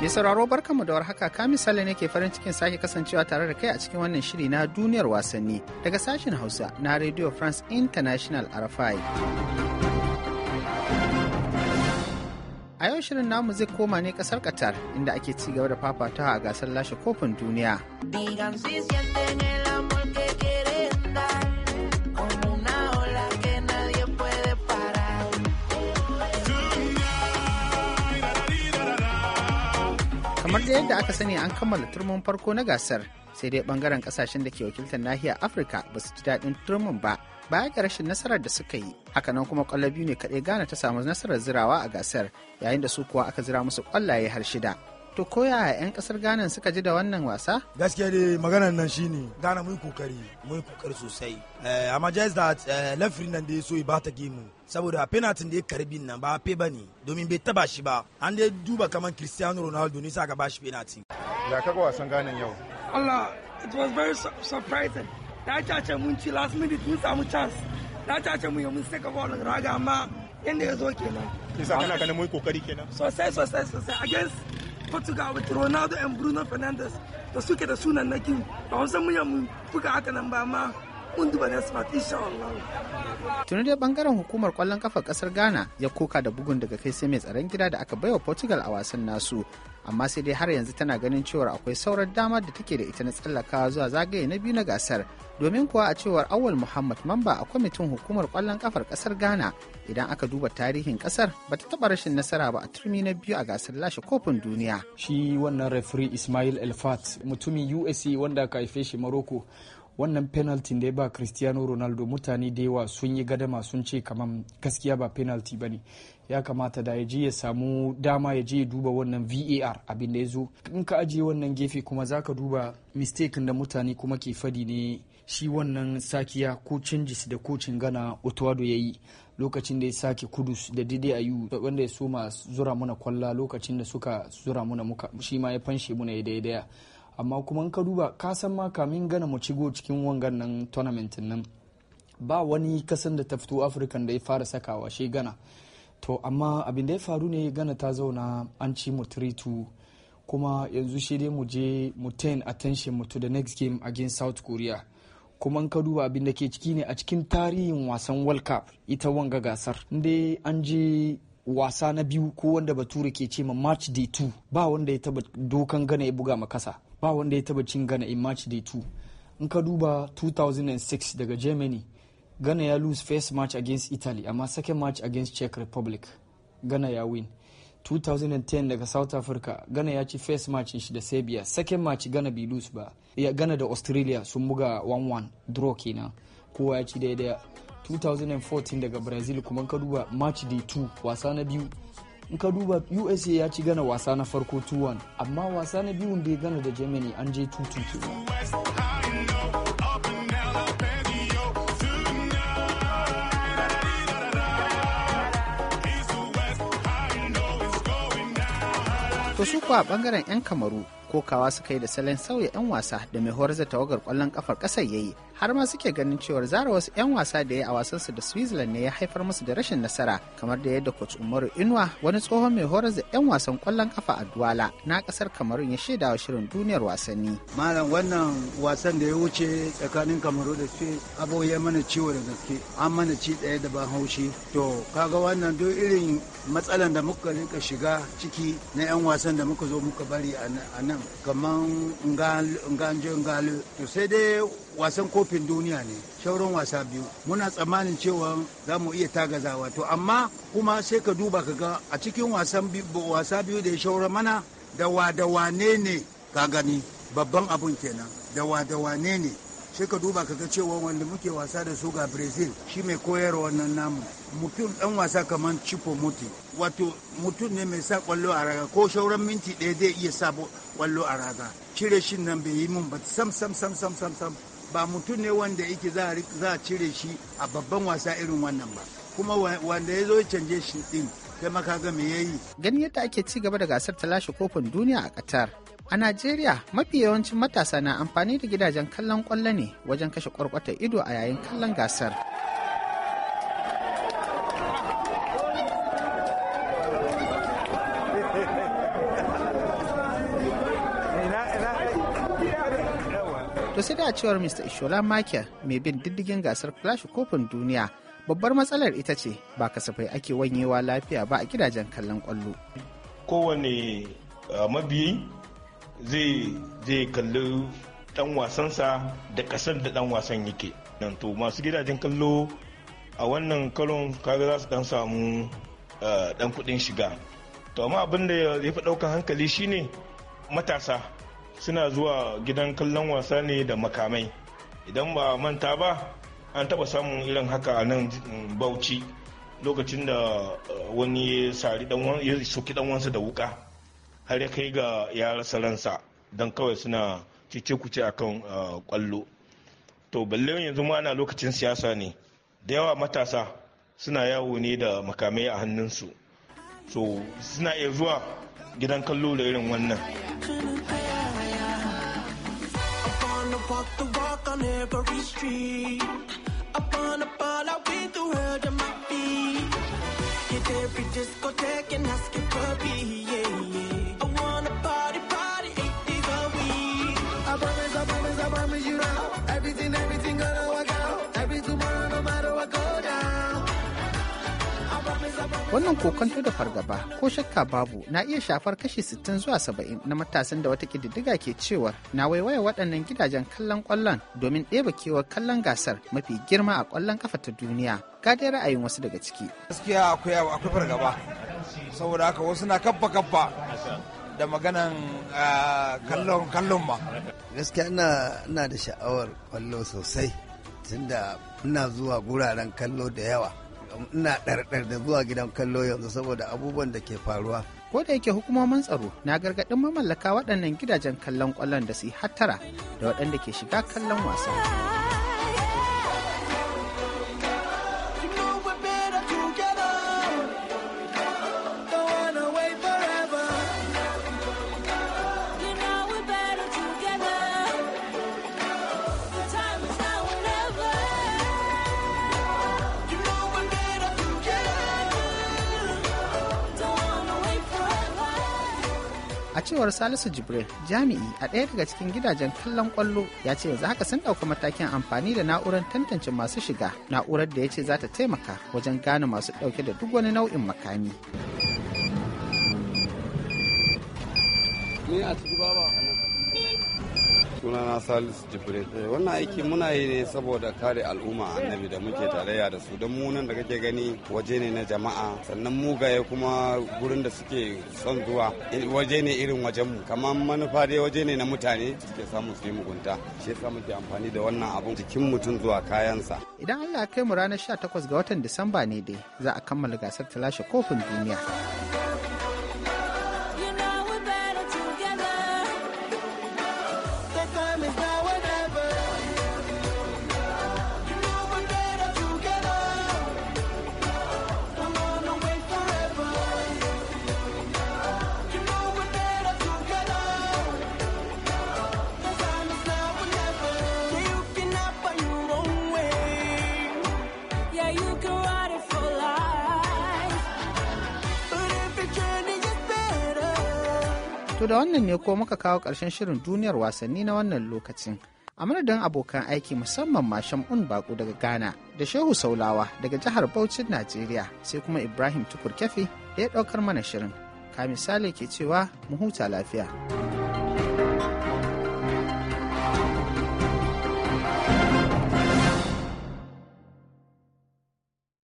Mai sauraro barkanmu da warhaka ka misali ne ke farin cikin sake kasancewa tare da kai a cikin wannan shiri na duniyar wasanni daga sashen Hausa na Radio France International RFI. A yau shirin namu zai koma ne kasar Qatar inda ake ci gaba da fafatawa a gasar lashe kofin duniya. kamar da yadda aka sani an kammala turmin farko na gasar sai dai bangaren kasashen da ke wakiltar nahiyar afirka ba su ji daɗin turmin ba baya ga rashin nasarar da suka yi hakanan kuma kwallo biyu ne kaɗai gana ta samu nasarar zirawa a gasar yayin da su kuwa aka zira musu kwallaye har shida To koya 'yan kasar Ghana suka ji da wannan wasa? Gaskiya dai maganar nan shine Ghana mun kokari, mun kokari sosai. Eh, amma just that eh, referee nan da ya so ya bata game saboda penalty da ya karbi nan ba fe bane domin bai taba shi ba. An dai duba kamar Cristiano Ronaldo ne sa ka bashi penalty. Ya kaga wasan Ghana yau? Allah, it was very surprising. Na cace mun ci last minute mun samu chance. Na cace mun yi mun saka ball raga amma yanda ya zo kenan. Kisa ana ganin mun kokari kenan. Sosai sosai sosai against Portugal with Ronaldo and Bruno Fernandes da suke da sunan a ba san mu buga haka nan ba tuna tuni dai bangaren hukumar kwallon kafa kasar Ghana ya koka da bugun daga kai sai mai tsaron gida da aka baiwa Portugal a wasan nasu amma sai dai har yanzu tana ganin cewar akwai sauran damar da take da ita na tsallakawa zuwa zagaye na biyu na gasar domin kuwa a cewar awal muhammad mamba a kwamitin hukumar kwallon kafar kasar ghana idan aka duba tarihin kasar bata taɓa rashin nasara ba a turmi na biyu a gasar lashe kofin duniya shi wannan referee ismail elfat mutumin USA wanda aka haife shi maroko wannan penalty da ya ba cristiano ronaldo mutane da yawa sun yi gadama sun ce kamar gaskiya ba penalty ba ne ya kamata da ya je ya samu dama ya je ya duba wannan var abin da ya zo in ka ajiye wannan gefe kuma za ka duba mistakin da mutane kuma ke fadi ne shi wannan sakiya ko changes da kocin gana otuwado ya yi lokacin da ya sake kudus da dide ayu wanda ya soma zura muna kwalla lokacin da suka zura muna muka shi ma ya fanshe muna ya daidaya amma kuma in ka duba ka san ma kamin gana mu cigo cikin wangan nan tournament nan ba wani kasan da ta fito african da ya fara sakawa shi gana to amma abin da ya faru ne gana ta zauna an ci mu 3-2 kuma yanzu shi dai mu je mu ten attention mu to the next game against south korea kuma in ka duba abin da ke ciki ne a cikin tarihin wasan world cup ita wanga gasar inda an je wasa na biyu ko wanda bature ke ce ma march day 2 ba wanda ya taba dokan gana ya buga ma makasa ba wanda ya taba cin Ghana in match day 2 in ka duba 2006 daga Germany Ghana ya lose first match against Italy amma second match against Czech Republic Ghana ya win 2010 daga South Africa Ghana ya ci first match shi da Serbia second match Ghana bai lose ba ya Ghana da Australia sun buga 1-1 draw kenan kowa ya ci daidaya 2014 daga Brazil kuma ka duba match day 2 wasa na biyu in ka duba usa ya ci gana wasa na farko 2-1 amma wasa na biyun da ya gana da germany an je 2-2 To su kuwa bangaren 'yan kamaru kokawa suka yi da salon sauya 'yan wasa da mai horar da tawagar kwallon kafar kasar yayi har ma suke ganin cewar zara wasu 'yan wasa da ya a wasansu da switzerland ne ya haifar musu da rashin nasara kamar da yadda coach umaru inuwa wani tsohon mai horar da 'yan wasan kwallon kafa a duwala na kasar kamarun ya shaida wa shirin duniyar wasanni malam wannan wasan da ya wuce tsakanin kamaru da su abu ya mana ciwo da gaske an mana ci ɗaya da ban haushi to kaga wannan duk irin matsalan da muka rika shiga ciki na 'yan wasan da muka zo muka bari a nan kamar nganjo ngalo to sai dai wasan kofin duniya ne shauran wasa biyu muna tsammanin cewa za mu iya tagazawa wato amma kuma sai ka duba ka ga a cikin wasa biyu da ya shaura mana da wa da wane ne ka gani babban abun kenan da wa da wane ne sai ka duba kaga cewa wanda muke wasa da su ga brazil shi mai koyarwa wannan namu mutum dan wasa kamar chipo muti wato mutum ne mai sa kwallo a raga ko shauran minti ɗaya zai iya sa kwallo a raga cire shin nan bai yi mun ba sam sam sam sam sam ba mutum ne wanda yake za a cire shi a babban wasa irin wannan ba kuma wanda ya zo canje shi din kai makaga me yayi gani yadda ake ci gaba da gasar ta lashe kofin duniya a Qatar a Najeriya mafi yawancin matasa na amfani da gidajen kallon kwallo ne wajen kashe kwarkwata ido a yayin kallon gasar To sai da cewar Mr. Ishola Makia mai bin diddigin gasar Clash Kofin Duniya babbar matsalar ita ce ba kasafai ake wanyewa lafiya ba a gidajen kallon kwallo. Kowane ah, mabiyi zai zai kalli dan wasansa da kasar da dan wasan yake. Nan to masu gidajen kallo a wannan karon kaga za su dan samu dan ah, kudin shiga. To amma abin da ya fi daukan hankali shine matasa suna zuwa gidan kallon wasa ne da makamai idan ba manta ba an taba samun irin haka a nan mm, bauchi lokacin da uh, wani ya soki dan wansa da wuka har ya kai ga ya rasa ransa don kawai suna cice kuce kan kwallo uh, to balle yanzu ma ana lokacin siyasa ne da yawa matasa suna yawo ne da makamai a hannunsu so suna iya zuwa gidan kallo da irin wannan walk the walk on every street. Up on a ball, I win the world at my feet. Hit every discotheque and ask it for me, yeah, yeah. Wannan kokanto da fargaba ko shakka babu na iya shafar kashi 60 zuwa 70 na matasan da wata kididdiga ke cewa na waiwaye waɗannan gidajen kallon ƙwallon domin ɗeba kewar kallon gasar mafi girma a ƙwallon kafa ta duniya. Ga dai ra'ayin wasu daga ciki. Gaskiya akwai akwai fargaba saboda haka wasu na kabba kabba da maganan ah, kallon kallon ma. Gaskiya ina da sha'awar kwallo sosai tunda ina zuwa guraren kallo da yawa. ina ɗarɗar da zuwa gidan kallo yanzu saboda abubuwan da ke faruwa. Ko da yake hukumomin tsaro na gargaɗin mamallaka waɗannan gidajen kallon ƙwallon da su yi hattara da waɗanda ke shiga kallon wasa. a cewar salisu jibril jami'i a ɗaya daga cikin gidajen kallon kwallo ya ce yanzu haka sun ɗauka matakin amfani da na'urar tantance masu shiga na'urar da ya ce za ta taimaka wajen gane masu ɗauke da duk wani nau'in makami. sunana salisu jibril eh, wannan aiki muna yi ne saboda kare al'umma annabi da muke tarayya da su don mu da kake gani waje ne na jama'a sannan mugaye kuma gurin da suke son zuwa waje ne irin wajen mu kamar manufa dai waje ne na mutane suke samu su yi mugunta shi yasa muke amfani da wannan abun jikin mutum zuwa kayansa idan Allah ya kai mu ranar 18 ga watan Disamba ne dai za a kammala gasar ta kofin duniya To da wannan ne ko muka kawo ƙarshen shirin duniyar wasanni na wannan lokacin. A madadin abokan aiki musamman mashan Un Baku daga Ghana da Shehu Saulawa daga jihar Bauchin Najeriya sai kuma Ibrahim Tukur Kefi da ya ɗaukar mana shirin. Ka misali ke cewa mu huta lafiya.